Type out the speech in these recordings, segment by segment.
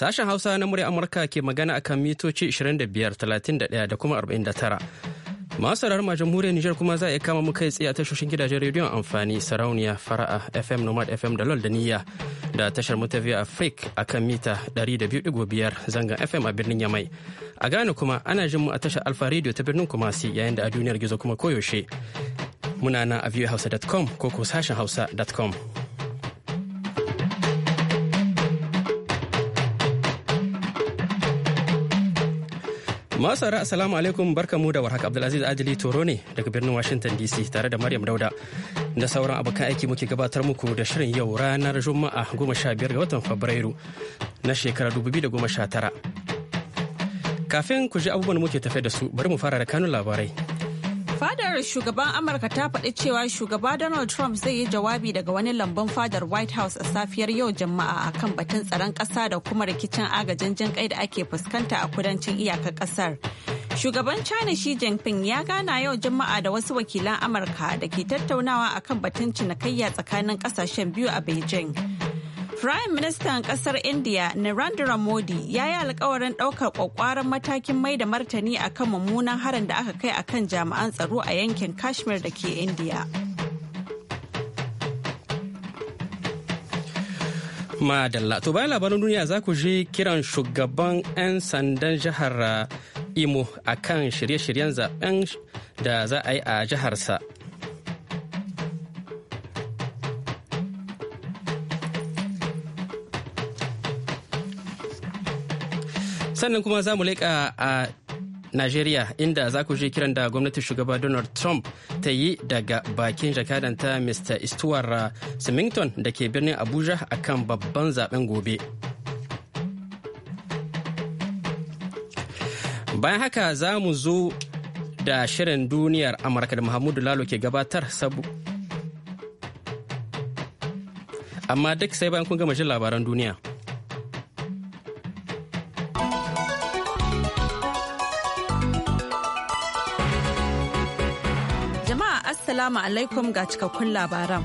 Sashen Hausa na murya Amurka ke magana akan mitoci 25,31 da kuma 49. Masu sauraron ma jamhuriyar Nijar kuma za a iya kama muka yi tsaye a tashoshin gidajen rediyon amfani sarauniya fara'a FM Nomad FM da LOL da Niyya da tashar mutaviya a frik a kan mita 200.5 zangan FM a birnin Yamai. A Ghana kuma ana jin mu a tashar Alfa Radio ta birnin Kumasi yayin da a duniyar gizo kuma koyaushe. Muna na a viewhausa.com ko ko sashen hausa.com. Masara assalamu alaikum mu da warhaka Abdulaziz Adili Toro ne daga birnin Washington DC tare da Maryam Dauda da sauran abokan aiki muke gabatar muku da shirin yau ranar Juma'a goma sha biyar ga watan Fabrairu na shekarar tara Kafin ku ji abubuwan muke tafe da su bari mu fara da kanun labarai. Fadar shugaban Amurka ta faɗi cewa shugaba Donald Trump zai yi jawabi daga wani lambun fadar White House a safiyar yau Juma'a kan batun tsaron ƙasa da kuma rikicin agajin jin da ake fuskanta a kudancin iyakar ƙasar. Shugaban China Xi Jinping ya gana yau Juma'a da wasu wakilan Amurka da ke tattaunawa akan batun cinikayya tsakanin ƙasashen biyu a Beijing. Prime Ministan kasar India Narendra Modi ya yi alkawarin ɗaukar kwakwaran matakin mai da martani akan mummunan harin da aka kai a kan jami'an tsaro a yankin Kashmir da ke India. Madalla. To bayan labarin duniya za ku je kiran shugaban 'yan sandan jihar Imo a kan shirye-shiryen zaben da za a yi a jiharsa sannan kuma za mu leƙa a Najeriya inda za ku je kiran da gwamnatin shugaba Donald Trump ta yi daga bakin jakadanta Mr. Stuart Simington da ke birnin Abuja akan babban zaben gobe. Bayan haka za mu zo da shirin duniyar Amurka da Muhammadu Lalo ke gabatar sabu. Amma duk sai bayan kun gama jin labaran duniya. Assalamu alaikum ga cikakkun labaran.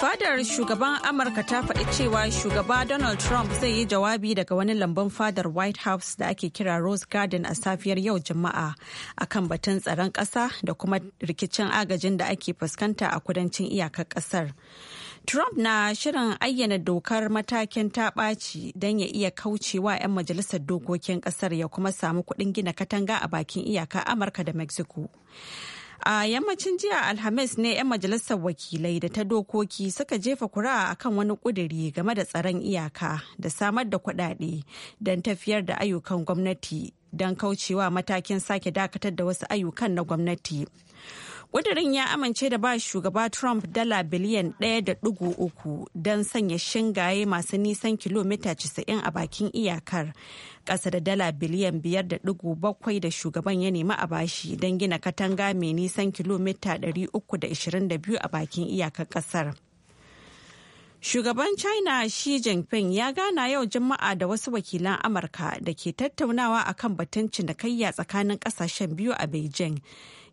Fadar shugaban Amurka ta faɗi cewa shugaba Donald Trump zai yi jawabi daga wani lambun fadar White House da ake kira Rose Garden a safiyar yau Juma'a akan batun tsaron ƙasa da kuma rikicin agajin da ake fuskanta a kudancin iyakar ƙasar. Trump na shirin ayyana dokar matakin taɓaci don ya iya kaucewa 'yan majalisar dokokin ƙasar ya kuma samu kuɗin gina katanga a bakin iyaka Amurka da Mexico. A yammacin jiya Alhamis ne 'yan majalisar wakilai da ta dokoki suka jefa kura kan wani ƙudiri game da tsaron iyaka da samar da kuɗaɗe don tafiyar da ayyukan gwamnati don kaucewa matakin sake dakatar da wasu ayyukan na gwamnati. kudirin ya amince da ba shugaba trump dala biliyan 1.3 don sanya shingaye masu nisan kilomita 90 a bakin iyakar ƙasa da dala biliyan 5.7 da shugaban ya nemi a bashi don gina katanga mai nisan kilomita 322 a bakin iyakar ƙasar Shugaban China Xi Jinping ya gana yau Juma'a da wasu wakilan Amurka da ke tattaunawa akan batun cinikayya tsakanin kasashen biyu a Beijing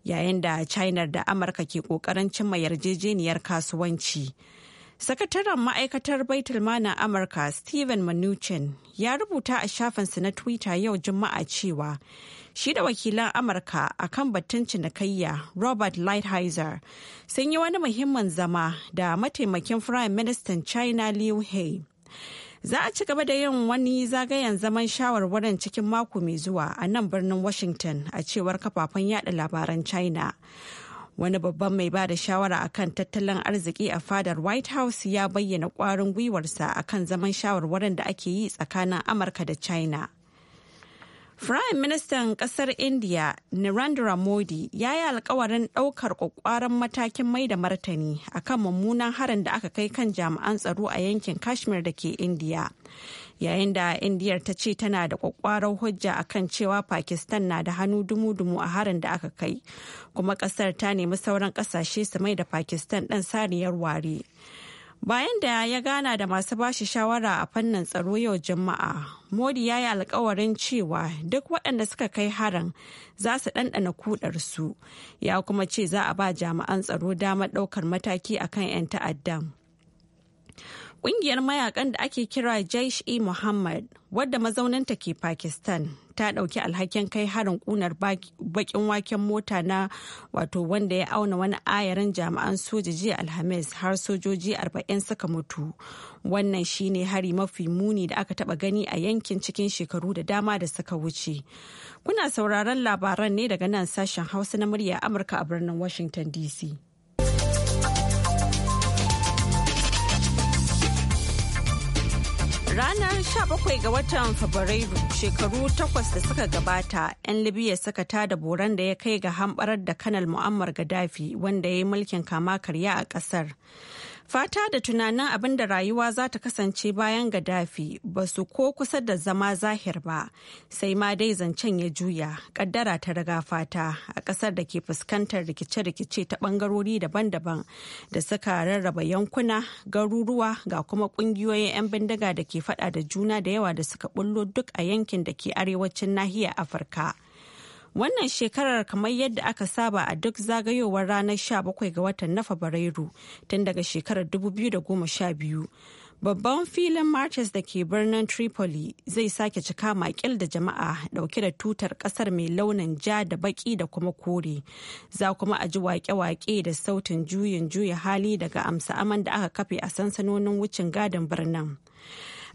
yayin da china da amurka ke kokarin cimma yarjejeniyar kasuwanci sakataren ma'aikatar baitulma na amurka steven mnuchin ya rubuta a shafinsa na twitter yau juma'a cewa shi da wakilan amurka a kan batun cinikayya robert lighthizer sun yi wani muhimmin zama da mataimakin firayim ministan china liu hei. Za a ci gaba da yin wani zagayen zaman shawarwarin cikin mako mai zuwa a nan birnin Washington a cewar kafafen yada labaran China. Wani babban mai ba da shawara akan tattalin arziki a fadar White House ya bayyana kwarin gwiwarsa akan zaman shawarwarin da ake yi tsakanin Amurka da China. Prime Ministan kasar India Narendra Modi ya yi alkawarin ɗaukar ƙwaƙwaran matakin mai da martani akan mummunan harin da aka kai kan jami'an tsaro a yankin Kashmir da ke India. Yayin da Indiyar ta ce tana da ƙwaƙwarar hujja akan cewa Pakistan na da hannu dumu-dumu a harin da aka kai, kuma ƙasar ta nemi sauran kasashe su mai da Pakistan ɗan sariyar ware. Bayan da ya gana da masu bashi shawara a fannin tsaro yau Juma'a, Modi ya yi alkawarin cewa duk waɗanda suka kai harin za su ɗanɗana kudarsu, ya kuma ce za a ba jami'an tsaro damar ɗaukar mataki akan 'yan ta'addan. Ƙungiyar mayakan da ake kira Jaish-e Muhammad, wadda mazauninta ke Pakistan, ta ɗauki alhakin kai harin ƙunar bakin waken mota na wato wanda ya auna wani ayarin jami'an soja jiya alhamis har sojoji 40 suka mutu wannan shine hari mafi muni da aka taba gani a yankin cikin shekaru da dama da suka wuce kuna sauraron labaran ne daga nan sashen hausa na murya amurka a birnin washington dc Ranar 17 ga watan Fabrairu shekaru takwas da suka gabata, 'yan Libya suka tada boran da ya kai ga hamɓarar da kanal Muammar Gaddafi wanda ya yi mulkin kama karya a ƙasar. Fata da tunanin abin da rayuwa za ta kasance bayan gadafi ba su ko kusa da zama zahir ba, sai ma dai zancen ya juya, kaddara ta riga fata a ƙasar da ke fuskantar rikice-rikice ta bangarori daban-daban da suka rarraba yankuna, garuruwa ga kuma ƙungiyoyin 'yan bindiga da ke faɗa da juna da yawa da suka bullo duk a yankin da ke arewacin nahiyar Afirka. Wannan shekarar kamar yadda aka saba a duk zagayowar ranar 17 ga watan na Fabrairu tun daga shekarar 2012. Babban filin marches da ke birnin Tripoli zai sake cika makil da jama'a dauke da tutar kasar mai launin ja da baki da kuma kore. Za kuma a ji wake-wake da sautin juyin juya hali daga amsa aman da aka kafe a sansanonin wucin gadin birnin.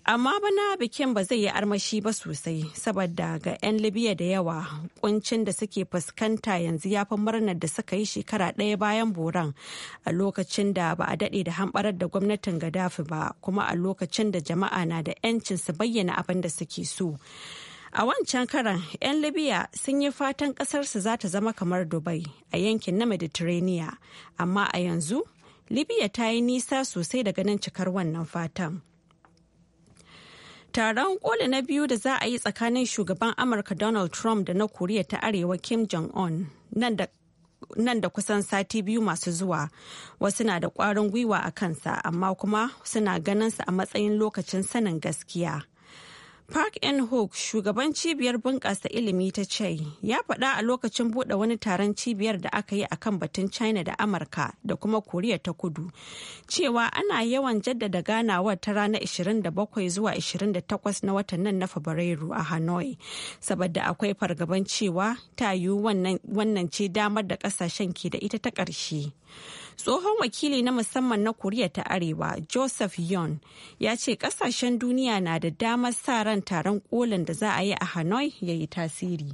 amma bana bikin ba zai yi armashi ba sosai saboda ga 'yan libya da yawa kuncin da suke fuskanta yanzu ya fi murnar da suka yi shekara ɗaya bayan boran a lokacin da ba a daɗe da hamɓarar da gwamnatin gaddafi ba kuma a lokacin da jama'a na da 'yancin su bayyana abin da suke so a wancan karan 'yan libya sun yi fatan ƙasarsu za ta zama kamar dubai a yankin na mediterranean amma a yanzu libya ta yi nisa sosai daga nan cikar wannan fatan Taron koli na biyu da za a yi tsakanin shugaban Amurka Donald Trump da na Koriya ta Arewa Kim Jong-un nan da kusan sati biyu masu zuwa wasu na da kwarin gwiwa a kansa amma kuma suna ganin sa a matsayin lokacin sanin gaskiya. Park and Hook shugaban cibiyar bunƙasa ilimi ta ce ya faɗa a lokacin buɗe wani taron cibiyar da aka yi akan batun China da Amurka da kuma Koriya ta kudu cewa ana yawan jaddada ganawa ta ranar 27 zuwa 28 na watan nan na Fabrairu a Hanoi saboda akwai fargaban cewa ta yiwu wannan ce damar da ƙasashen ke da ita ta ƙarshe. tsohon wakili na musamman na koriya ta arewa joseph yon ya ce kasashen duniya na da damar sa ran taron kolin da za a yi a hanoi ya yi tasiri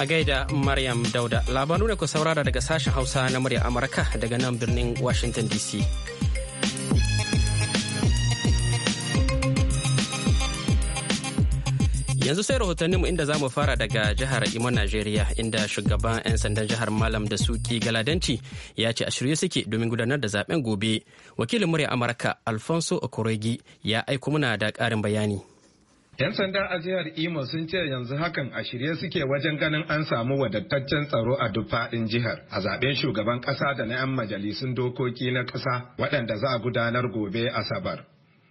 a gaida Maryam Dauda labaru ne ku saurara daga sashen Hausa na murya Amurka daga nan birnin Washington DC. yanzu sai rahotanninmu inda za mu fara daga jihar imo najeriya inda shugaban 'yan sandan jihar malam da suki galadanci ya ce a shirye suke domin gudanar da zaben gobe wakilin murya amurka alfonso okoregi ya aiko muna da ƙarin bayani 'Yan sanda a jihar Imo sun ce yanzu hakan a shirye suke wajen ganin an samu wadataccen tsaro a duk faɗin jihar a zaben shugaban ƙasa da na 'yan majalisun dokoki na ƙasa waɗanda za a gudanar gobe Asabar.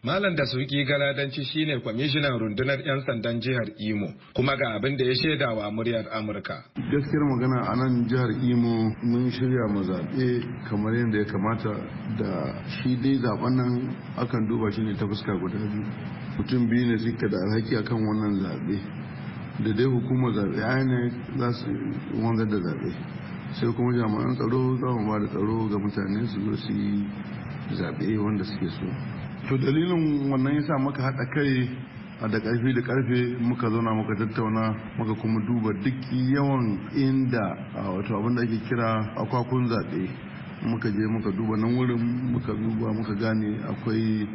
Malam da suki galadanci shine kwamishinan rundunar 'yan sandan jihar Imo kuma ga abin da ya shaida wa muryar Amurka. Gaskiyar magana a nan jihar Imo mun shirya mu zaɓe kamar yadda ya kamata da shi dai zaɓen nan akan duba shi ne ta fuska guda biyu. Mutum biyu ne suke da alhaki akan wannan zaɓe. Da dai hukumar zaɓe ne za su wanzar da zaɓe. Sai kuma jami'an tsaro za mu ba da tsaro ga mutane su zo su yi zaɓe wanda suke so. to dalilin wannan ya sa muka haɗa kai da ƙarfi da ƙarfe muka zauna muka tattauna muka kuma duba duk yawan inda wato abin da ake kira akwakun zaɓe muka je muka duba nan wurin muka duba muka gane akwai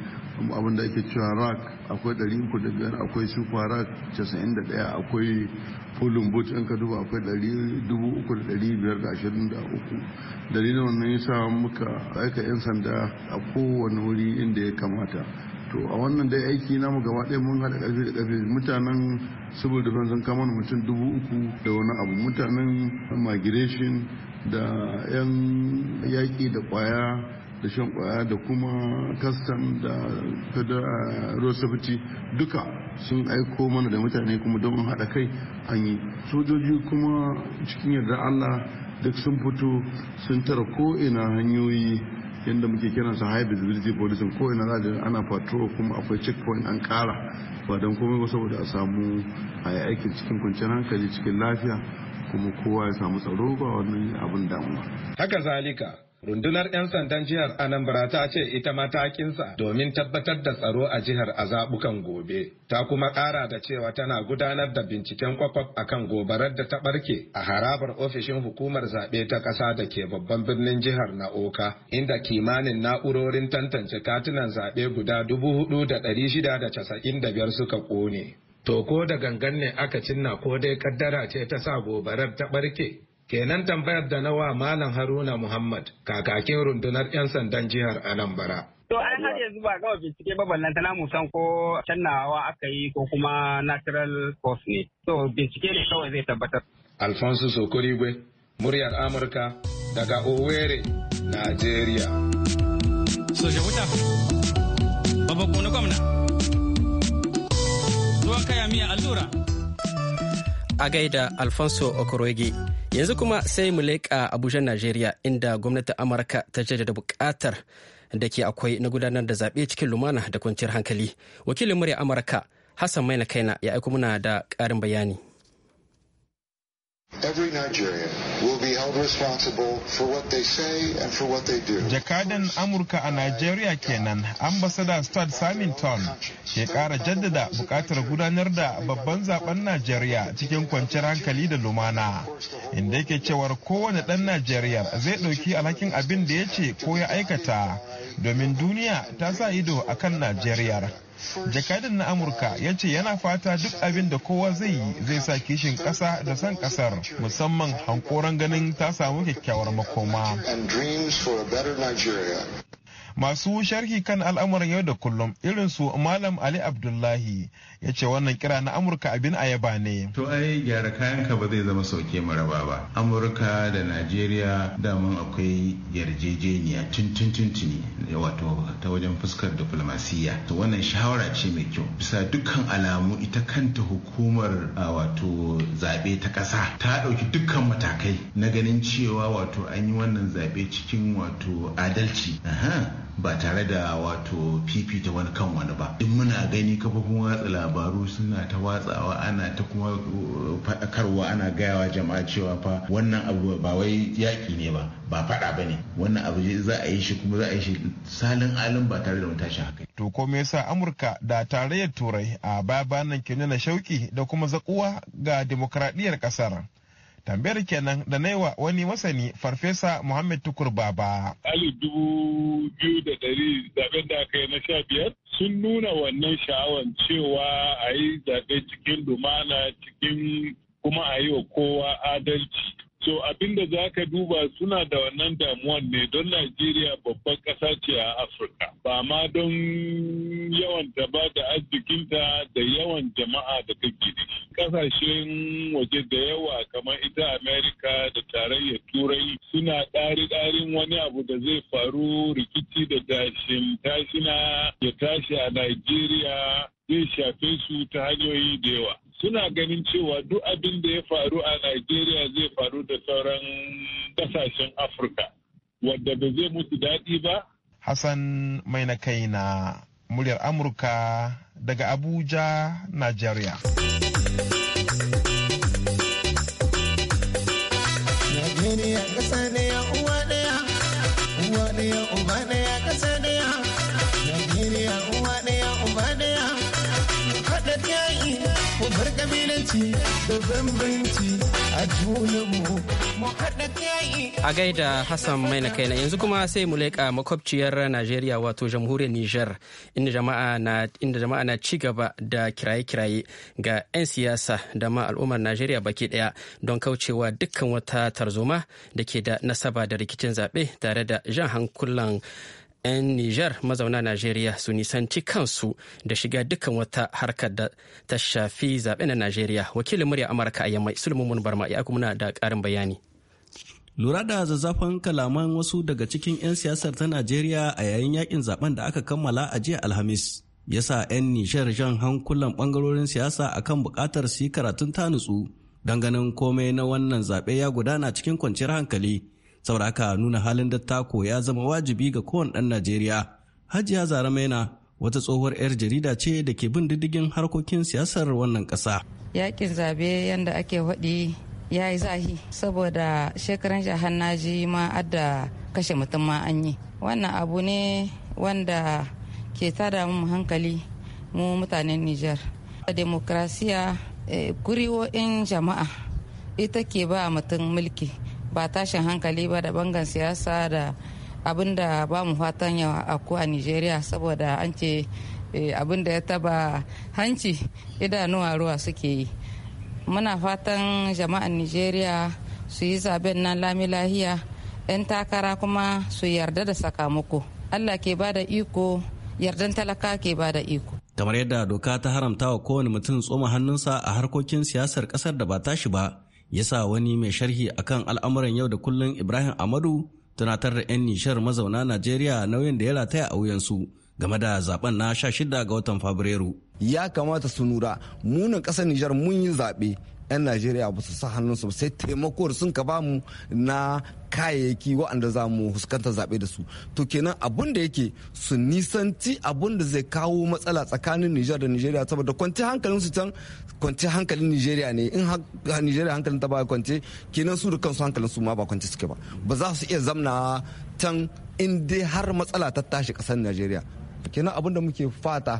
abin da ake cewa rak akwai biyar akwai super rak 91 akwai fulun boot in ka duba akwai 3,523 dalilin wannan yasa muka aika 'yan sanda a kowane wuri inda ya kamata to a wannan dai aiki namu gaba ɗaya mun haɗa ƙarfi da ƙarfi mutanen civil defense sun kama mutum dubu uku da wani abu mutanen migration da 'yan yaƙi da ƙwaya da shan ƙwaya da kuma kastan da rosafiti duka sun aiko mana da mutane kuma don haɗa kai an yi sojoji kuma cikin yadda allah duk sun fito sun tara ko'ina hanyoyi yadda muke kiran su high visibility policing ko ina za ana patrol kuma akwai checkpoint an kara ba don komai ba saboda a samu a yi aikin cikin kwanciyar hankali cikin lafiya kuma kowa ya samu tsaro ba wani abin damuwa. Haka zalika rundunar 'yan sandan jihar Anambra ta ce ita matakinsa domin tabbatar da tsaro a jihar a zabukan gobe. Ta kuma ƙara da cewa tana gudanar da binciken kwakwaf kan gobarar da ta ɓarke a harabar ofishin hukumar zaɓe ta ƙasa da ke babban birnin jihar na Oka, inda kimanin na'urorin tantance katunan zaɓe guda dubu da ɗari da biyar suka ƙone. To ko da gangan ne aka cinna ko dai kaddara ce ta sa gobarar ta barke? Kenan tambayar da nawa Malam Haruna Muhammad kakakin rundunar 'yan sandan jihar Anambra. To an har yanzu ba gawa bincike ba ballanta na musan ko cannawa aka yi ko kuma natural force ne. To bincike ne kawai zai tabbatar. Alfonso Sokorigwe, muryar Amurka daga Owerri, Najeriya. Soja wuta, babban gwamna. miya allura. A gaida Alfonso Okorege. Yanzu kuma sai mu leƙa Abuja, Najeriya inda gwamnatin Amurka ta jaddada buƙatar da ke akwai na gudanar da zaɓe cikin lumana da kwanciyar hankali. Wakilin murya Amurka Hassan Maina Kaina ya aiko muna da ƙarin bayani. Jakadan Amurka a Najeriya kenan, ambasada Stuart Samington ke kara jaddada bukatar gudanar da babban zaben Najeriya cikin kwanciyar hankali da lumana, inda yake cewar kowane ɗan Najeriya zai ɗauki alhakin abin da ya ce ko ya aikata, domin duniya ta sa ido a kan Najeriya. Jakadin na amurka ya ce yana fata duk abin da kowa zai yi zai sa kishin kasa da son kasar musamman hankoran ganin ta samu kyakkyawar makoma masu sharhi kan al'amuran yau da kullum irin su malam ali abdullahi ya ce wannan kira na amurka abin ayaba ne to ai gyara kayanka ba zai zama sauke maraba ba amurka da najeriya daman akwai yarjejeniya tuntun tuntuni wato ta wajen fuskar diplomasiya to wannan shawara ce mai kyau bisa dukkan alamu ita kanta hukumar wato zaɓe ta ƙasa ta ɗauki dukkan matakai na ganin cewa wato an yi wannan zaɓe cikin wato adalci ba tare da wato fifita wani kan wani ba in muna gani kafofin watsa labaru suna ta watsawa ana ta kuma uh, faɗakarwa ana gayawa jama'a cewa fa wannan abu ba wai yaƙi ne ba ba faɗa ba ne wannan abu za a yi shi kuma za a yi shi salin alin ba tare da wani tashi haka. to ko me yasa amurka da tarayyar turai a baya bayan nan shauki da kuma zakuwa ga demokradiyyar ƙasar tambayar kenan da na wa wani masani farfesa muhammed tukur baba ali dubu biyu da dari zaben da aka yi na sha biyar sun nuna wannan sha'awar cewa a yi zaɓe cikin lumana cikin kuma a yi wa kowa adalci So abin da za ka duba suna da wannan damuwan ne don Najeriya babban ƙasa ce a Afirka. Ba ma don yawan ta ba da arzikinta da yawan jama'a da take da Ƙasashen waje da yawa kamar ita Amerika da tarayyar Turai suna ɗari-ɗarin wani abu da zai faru rikici da tashin tashina ya tashi a Najeriya zai shafe su ta hanyoyi da yawa suna ganin cewa duk abin da ya faru a Najeriya zai faru da sauran kasashen Afirka wadda ba zai musu daɗi ba. Hassan mai na kai na muryar Amurka daga Abuja, Najeriya. ƙasa ya uwa ɗaya, uwa ɗaya uba ɗaya ƙasa a gaida Hassan mai na kai kaina yanzu kuma sai mu leƙa makwabciyar Najeriya wato jamhuriyar Niger inda jama'a na inda ci gaba da kiraye-kiraye ga 'yan siyasa da ma al'ummar Najeriya baki ɗaya don kaucewa dukkan wata tarzoma da ke da nasaba da rikicin zaɓe tare da jan hankulan 'yan Nijar mazauna Najeriya su nisanci kansu da shiga dukkan wata harkar da ta shafi zaɓe na Najeriya. Wakilin murya Amurka a yammai Sulmumun Barma ya kuma da ƙarin bayani. Lura da zazzafan kalaman wasu daga cikin 'yan siyasar ta Najeriya a yayin yakin zaben da aka kammala a jiya Alhamis. Yasa 'yan Nijar jan hankulan bangarorin siyasa akan buƙatar su yi karatun ta nutsu. Danganin komai na wannan zaɓe ya gudana cikin kwanciyar hankali. saboda haka nuna halin dattako ya zama wajibi ga kowane ɗan najeriya hajiya zara maina wata tsohuwar 'yar jarida ce da ke bin diddigin harkokin siyasar wannan ƙasa yakin zabe yadda ake faɗi ya yi zahi saboda shekaran jihar naji ma adda kashe mutum ma an yi wannan abu ne wanda ke tada mu hankali mu mutanen niger demokrasiya eh, kuri'o'in jama'a ita ke ba mutum mulki ba tashin hankali ba da bangan siyasa da abin da ba mu fatan yawa a a nigeria saboda an ce eh, abin da ya taba hanci idanuwa ruwa suke yi muna fatan jama'an nigeria su yi zaben nan lami lahiya 'yan takara kuma su yarda da sakamako allah ke ba da iko yardan talaka ke ba da iko kamar yadda doka ta haramta wa kowane mutum tsoma hannunsa a harkokin siyasar kasar da ba tashi ba yasa wani mai sharhi akan al'amuran yau da kullun Ibrahim Amadu tunatar da 'yan nishar mazauna Najeriya nauyin da ya rataya a wuyansu game da zaben na 16 ga watan Fabrairu. Ya kamata su nura munin ƙasar Nijar mun yi zaɓe 'yan najeriya ba su sa hannunsu ba sai taimako da sun ka bamu na kayayyaki waɗanda za mu huskanta zaɓe da su to kenan abun da yake su nisanci abun da zai kawo matsala tsakanin nijar da Nijeriya. saboda kwanci hankalin su can kwanci hankalin Nijeriya ne in Nijeriya hankalin ta ba kwance kenan su da kansu hankalin su ma ba kwance suke ba ba za su iya zamna can in dai har matsala ta tashi ƙasar Nijeriya. kenan abun da muke fata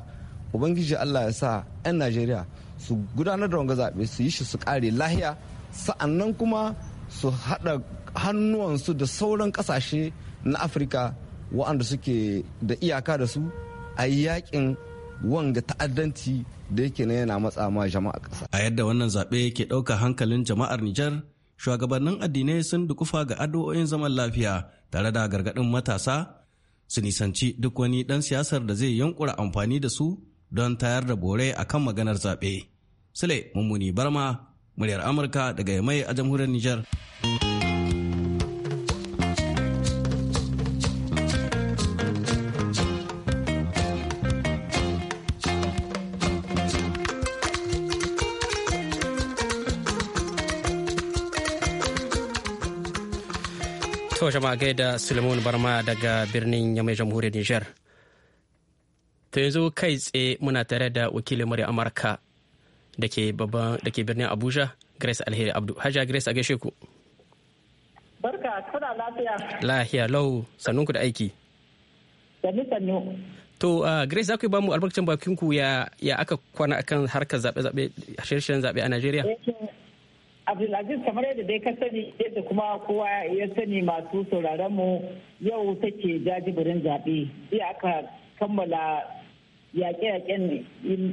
ubangiji allah ya sa 'yan najeriya su gudanar da wanga zaɓe su yi shi su ƙare lahiya sa'annan kuma su haɗa hannuwansu da sauran ƙasashe na afirka waɗanda suke da iyaka da su a yaƙin wanga ta'addanci da yake na yana matsa ma jama'a ƙasa. A yadda wannan zaɓe ke ɗaukar hankalin jama'ar Nijar, shugabannin addinai sun dukufa ga addu'o'in zaman lafiya tare da gargaɗin matasa su nisanci duk wani ɗan siyasar da zai yankura amfani da su don tayar da bore akan maganar zaɓe. Sule Mummuni Barma, muryar Amurka daga Yamai a jamhuriyar Nijar. ma jama'a gaida Suleiman Barma daga birnin Yamai jamhuriyar Nijar. To yanzu kai tsaye muna tare da wakilin murya Amurka da ke birnin Abuja Grace Alheri Abdu. Hajiya Grace a gaishe ku. Barka, kuna lafiya. Lafiya, lau, sannunku da aiki. Sannu sannu. To, Grace za ku ba mu albarkacin bakin ku ya aka kwana akan harkar zaɓe-zaɓe, shirye-shiryen zaɓe a Najeriya? Eh, Abdulaziz kamar yadda dai ka sani yadda kuma kowa ya sani masu sauraron mu yau take jajibirin zaɓe. Iya aka kammala yaƙe-yaƙen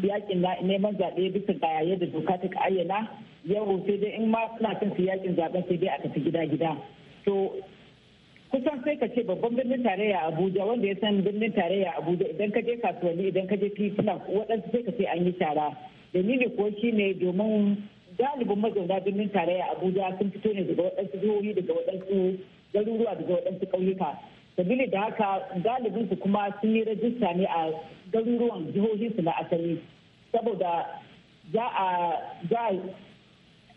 yaƙin neman zaɓe bisa ga da doka ta ayyana yau sai dai in ma suna son su yaƙin zaɓen sai dai a tafi gida-gida to kusan sai ka ce babban birnin tarayya abuja wanda ya san birnin tarayya abuja idan ka je kasuwanni idan ka je titina waɗansu sai ka ce an yi tara dalili ko shi ne domin galibin mazauna birnin tarayya abuja sun fito ne daga waɗansu jihohi daga waɗansu garuruwa daga waɗansu ƙauyuka sabili da haka galibinsu kuma sun yi rajista ne a garuruwan su na asali saboda za a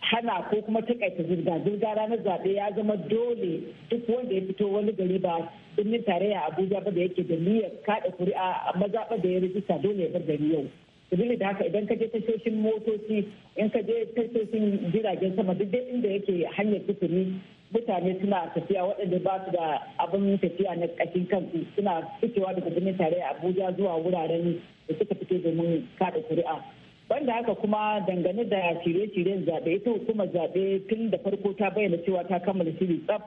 hana ko kuma takaita zirga-zirga ranar zaɓe ya zama dole duk wanda ya fito wani gari ba birnin tarayya abuja ba da yake da niyyar kaɗa kuri'a amma zaɓe da ya rijista dole ya bar gari yau sabili da haka idan ka je tashoshin motoci in ka je tashoshin jiragen sama duk dai inda yake hanyar sufuri mutane suna tafiya waɗanda ba su da abin tafiya na ƙashin kansu suna fitowa daga birnin tare a abuja zuwa wuraren da suka fito domin kada kuri'a banda haka kuma dangane da shirye-shiryen zaɓe ita hukumar zaɓe tun da farko ta bayyana cewa ta kammala shiri tsaf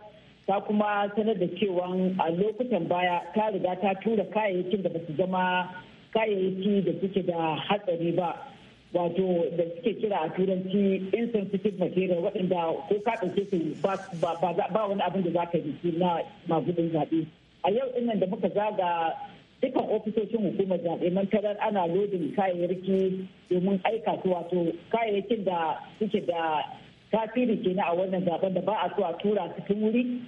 ta kuma sanar da cewa a lokutan baya ta riga ta tura kayayyakin da ba su zama kayayyaki da suke da hatsari ba wato da suke kira a turanci insensitive material waɗanda ko ka ɗauke su ba wani abin da za ka yi su na magudin zaɓe a yau ɗin nan da muka zaga dukkan ofisoshin hukumar zaɓe mantarar ana lodin kayayyaki domin aika su wato kayayyakin da suke da tasiri kenan a wannan zaɓen da ba a so a tura su wuri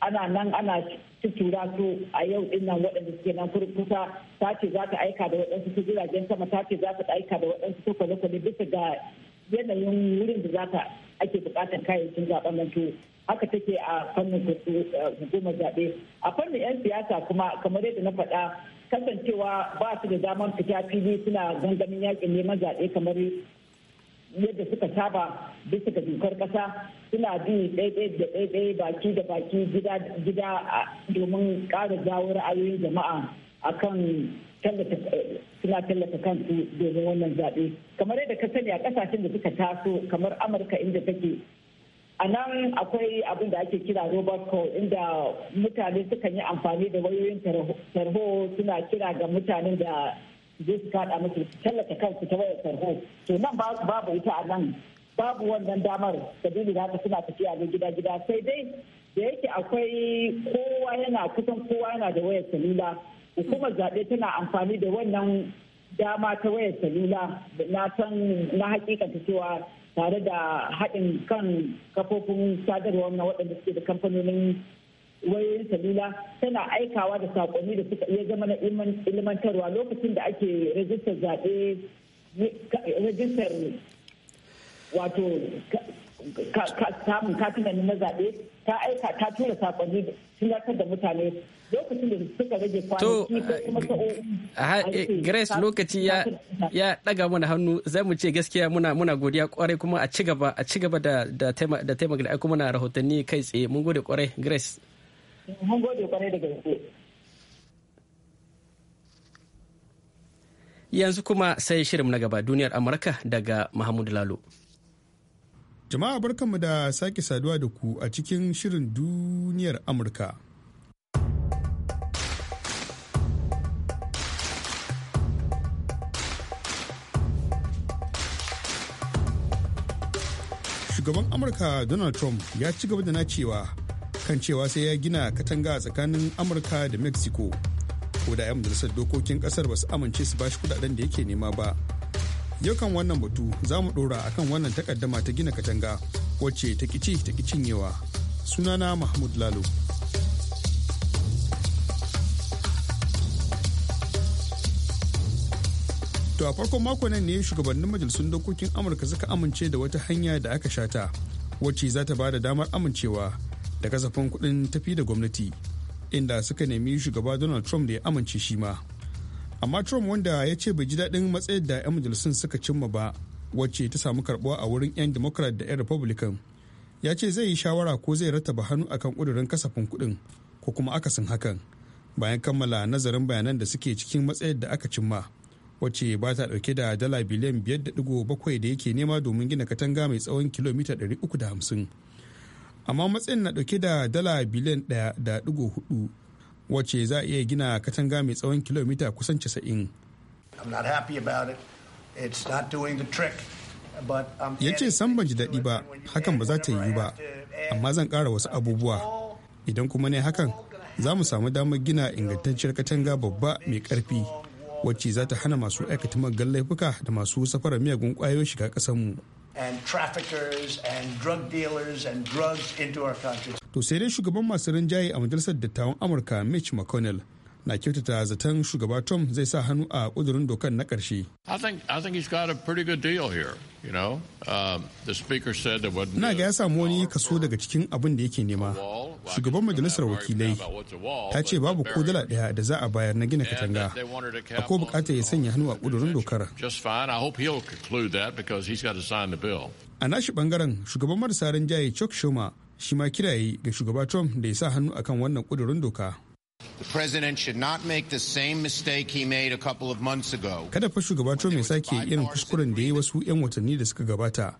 ana nan ana tuttura su a yau din nan waɗanda suke nan kurkusa ta ce za ta aika da waɗansu su jiragen sama ta ce za ta aika da waɗansu su kwale-kwale bisa ga yanayin wurin da za ta ake buƙatar kayayyakin zaɓen nan to haka take a fannin eh, hukumar zaɓe a fannin 'yan siyasa kuma kamar yadda na faɗa kasancewa ba su da damar fita fili suna gangamin yakin neman zaɓe kamar yadda suka saba bisa ga dokar kasa suna bi ɗaiɗai da ɗaiɗai baki da baki gida gida domin ƙara jawo ra'ayoyin jama'a kan suna tallata kansu domin wannan zaɓe kamar yadda ka sani a ƙasashen da suka taso kamar amurka inda take a nan akwai abin da ake kira robert call inda mutane sukan yi amfani da wayoyin tarho suna kira ga mutanen da zai je su kaɗa masu tallata kansu ta wayar tarho to nan babu ita a nan babu wannan damar sabili da haka suna tafiya ne gida gida sai dai da yake akwai kowa yana kusan kowa yana da wayar salula hukumar zaɓe tana amfani da wannan dama ta wayar salula na san na hakikata cewa tare da haɗin kan kafofin sadarwa na waɗanda suke da kamfanonin wayoyin salula tana aikawa da sakonni da suka iya zama na ilmantarwa lokacin da ake rajistar zaɓe rajistar wato samun katunan na zaɓe ta aika ta tura sakonni tunatar da mutane lokacin da suka rage kwanaki ko kuma eh, sa'o'i. Eh, Grace lokaci ya ya daga mana hannu zai mu ce gaskiya muna muna godiya kwarai kuma a ci gaba a ci gaba da da taimaka da aiko mana rahotanni kai tsaye mun gode kwarai Grace. yanzu kuma sai shirin na gaba duniyar amurka daga mahmud lalo jama'a barkanmu da sake saduwa da ku a cikin shirin duniyar amurka shugaban amurka donald trump ya ci gaba da na cewa kan cewa sai ya gina katanga tsakanin amurka da mexico ko da 'yan majalisar dokokin kasar ba su amince su bashi kudaden da yake nema ba yau kan wannan batu za mu dora akan wannan takaddama ta gina katanga wacce ta kici ta cinyewa sunana mahmud lalo To a farkon mako nan ne shugabannin majalisun dokokin Amurka suka amince da wata hanya da aka shata wacce za ta ba da damar amincewa da kasafin kuɗin tafi da gwamnati inda suka nemi shugaba donald trump da ya amince shi ma amma trump wanda ya ce bai ji daɗin matsayin da 'yan majalisun suka cimma ba wacce ta samu karɓuwa a wurin 'yan democrat da 'yan republican ya ce zai yi shawara ko zai rattaba hannu akan ƙudurin kasafin kuɗin ko kuma akasin hakan bayan kammala nazarin bayanan da suke cikin matsayar da aka cimma wacce ba ta ɗauke da dala biliyan 5.7 da yake nema domin gina katanga mai tsawon kilomita 350 amma matsayin na dauke da dala biliyan ɗaya da digo hudu wacce za a iya gina katanga mai tsawon kilomita kusan 90 ya ce san ban ji daɗi ba hakan ba za ta yi ba amma zan ƙara wasu abubuwa idan kuma ne hakan za mu samu damar gina ingantacciyar katanga babba mai ƙarfi wacce za ta hana masu aikata magan laifuka da masu safarar miyagun ƙwayoyin shiga ƙasarmu. mu and traffickers and drug dealers and drugs into our country. To sai dai shugaban masu rinjaye a majalisar dattawan Amurka Mitch McConnell na kyautata zaton shugaba tom zai sa hannu a kudurin dokar na ƙarshe. Um, na ga ya samu wani kaso daga cikin abin da yake nema. Shugaban majalisar wakilai ta ce babu ko dala ɗaya da za a bayar na gina katanga. a ko bukatar ya sanya hannu a kudurin dokar. A nashi bangaren shugaban marasa rinjaye Chuck Schumer shi ma kiraye ga shugaba tom da ya sa hannu akan wannan kudurin doka. Kada fa shugaba Trump ya sake irin kuskuren da ya yi wasu 'yan watanni da suka gabata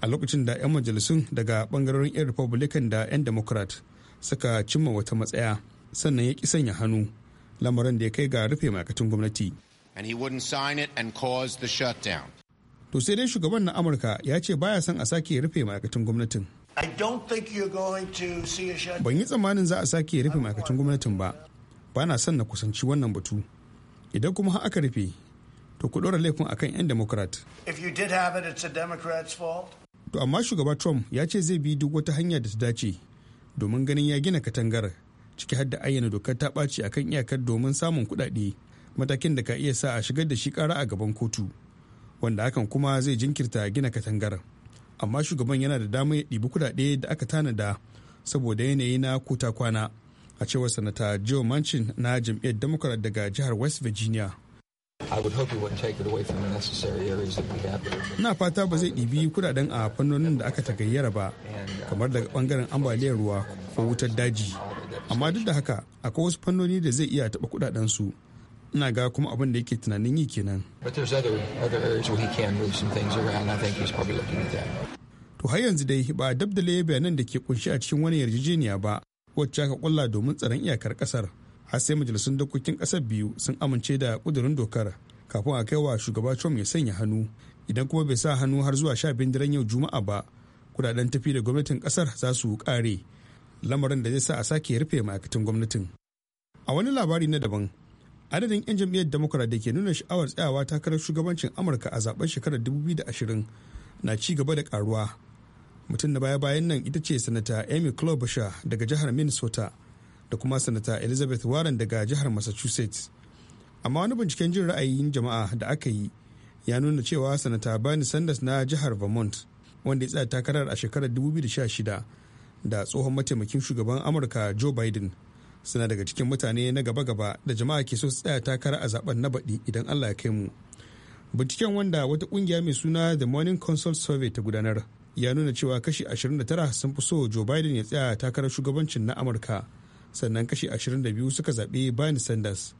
a lokacin da 'yan majalisun daga bangarorin 'yan Republican da 'yan Democrat suka cimma wata matsaya sannan ya ki sanya hannu lamarin da ya kai ga rufe ma'aikatan gwamnati. and the To sai dai shugaban na Amurka ya ce baya son a sake rufe ma'aikatan gwamnatin. Ban yi tsammanin za a sake rufe ma'aikacin gwamnatin ba, ba na son na kusanci wannan batu. Idan kuma haka aka rufe, to ku ɗora laifin akan 'yan Democrat. To amma shugaba Trump ya ce zai bi duk wata hanya da ta dace domin ganin ya gina katangar ciki har da ayyana dokar ta ɓaci akan iyakar domin samun kuɗaɗe matakin da ka iya sa a shigar da shi ƙara a gaban kotu wanda hakan kuma zai jinkirta gina katangar. amma shugaban yana da damar ya ɗibi kuɗaɗe da aka tanada saboda yanayi na kuta kwana a cewar sanata joe manchin na jam'iyyar democrat daga jihar west virginia na fata ba zai ɗibi kudaden a fannonin da aka tagayyara ba kamar daga bangaren ambaliyar ruwa ko wutar daji amma duk da haka akwai wasu fannoni da zai iya taɓa kudaden su ina ga kuma abin da yake tunanin yi kenan to har yanzu dai ba dabdale bayanan da ke kunshi a cikin wani yarjejeniya ba wacce aka kulla domin tsaron iyakar kasar har sai majalisun dokokin kasar biyu sun amince da kudurin dokar kafin a kai wa shugaba trump ya sanya hannu idan kuma bai sa hannu har zuwa sha bindiran yau juma'a ba kudaden tafi da gwamnatin kasar za su kare lamarin da zai sa a sake rufe ma'aikatan gwamnatin a wani labari na daban adadin 'yan jam'iyyar democrat da ke nuna sha'awar tsayawa takarar shugabancin amurka a zaben shekarar 2020 na ci gaba da karuwa mutum na baya-bayan nan ita ce sanata amy klobuchar daga jihar minnesota da kuma sanata elizabeth warren daga jihar massachusetts amma wani binciken jin ra'ayin jama'a da aka yi ya nuna cewa sanata bernie sanders na jihar vermont wanda ya tsaya takarar a shekarar 2016 da tsohon mataimakin shugaban amurka joe biden suna daga cikin mutane na gaba-gaba da jama'a ke so su tsaya takara a zaben na baɗi idan allah ya kai mu binciken wanda wata kungiya mai suna the morning consult survey ta gudanar ya nuna cewa kashi 29 sun fi so joe biden ya tsaya takarar shugabancin na amurka sannan kashi 22 suka zaɓi bani sanders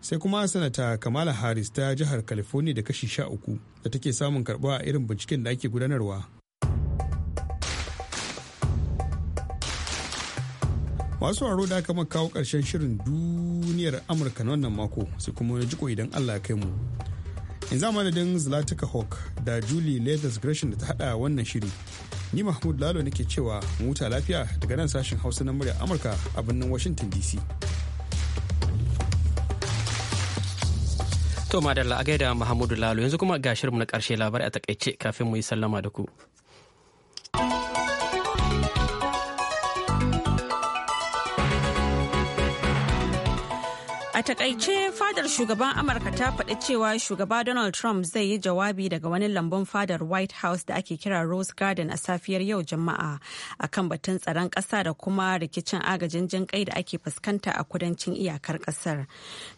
sai kuma sanata kamala harris ta jihar california da kashi 13 da take samun karɓuwa a irin binciken da ake gudanarwa masu waro da aka kawo karshen shirin duniyar amurka na wannan mako su kuma ya jiko idan allah kai mu in za madadin zlatika hawk da julie leathers gresham da ta hada wannan shiri ni mahmud lalo nake cewa muta lafiya daga nan sashen hausa na murya amurka a birnin washington dc To madalla a gaida Lalo yanzu kuma ga shirinmu na karshe labarai a takaice kafin mu yi sallama da ku. A takaice fadar shugaban Amurka ta faɗi cewa shugaba Donald Trump zai yi jawabi daga wani lambun fadar White House da ake kira Rose Garden a safiyar yau jama'a a kan batun tsaron ƙasa da kuma rikicin agajin jin kai da ake fuskanta a kudancin iyakar ƙasar.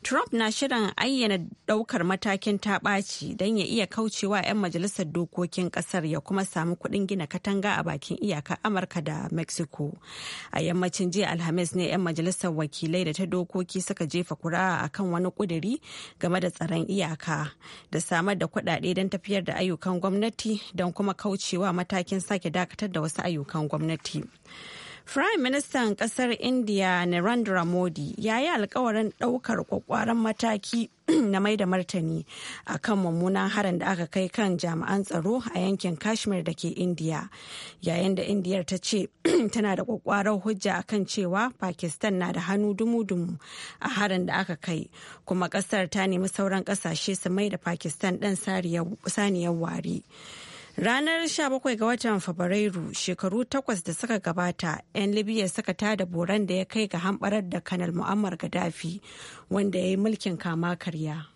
Trump na shirin ayyana ɗaukar matakin ta ɓaci don ya iya kaucewa 'yan majalisar dokokin ƙasar ya kuma samu kuɗin gina katanga a bakin iyakar Amurka da Mexico. A yammacin jiya Alhamis ne 'yan majalisar wakilai da ta dokoki suka jefa saurara a kan wani ƙudiri game da tsaron iyaka da samar da kuɗaɗe don tafiyar da ayyukan gwamnati don kuma kaucewa matakin sake dakatar da wasu ayyukan gwamnati. Firayim Ministan kasar India Narendra Modi ya yi alkawarin ɗaukar kwakwaran mataki na mai da martani a kan mummunan harin da aka kai kan jami'an tsaro a yankin kashmir da ke indiya yayin da indiyar ta ce tana da kwakwarar hujja a kan cewa pakistan na da hannu dumu-dumu a harin da aka kai kuma kasar ta nemi sauran kasashe su mai da pakistan ɗan saniyar ware. Ranar 17 ga watan Fabrairu shekaru takwas da suka gabata, 'yan Libya suka tada boran da ya kai ga hamɓarar da Kanal Muammar Gaddafi wanda ya yi mulkin kama karya.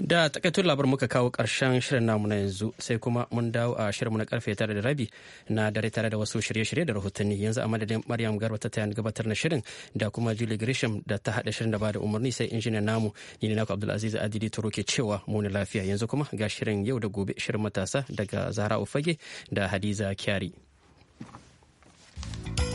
da takaitun labar muka kawo karshen shirin namu na yanzu sai kuma mun dawo a shirinmu na karfe tare da rabi na dare tare da wasu shirye-shirye da rahotanni yanzu a madadin maryam garba ta tayan gabatar na shirin da kuma julie grisham da ta hada shirin da ba da umarni sai injiniyan namu ni ne naku abdulaziz adidi turo ke cewa muni lafiya yanzu kuma ga shirin yau da gobe shirin matasa daga zahra ufage da hadiza kyari. thank you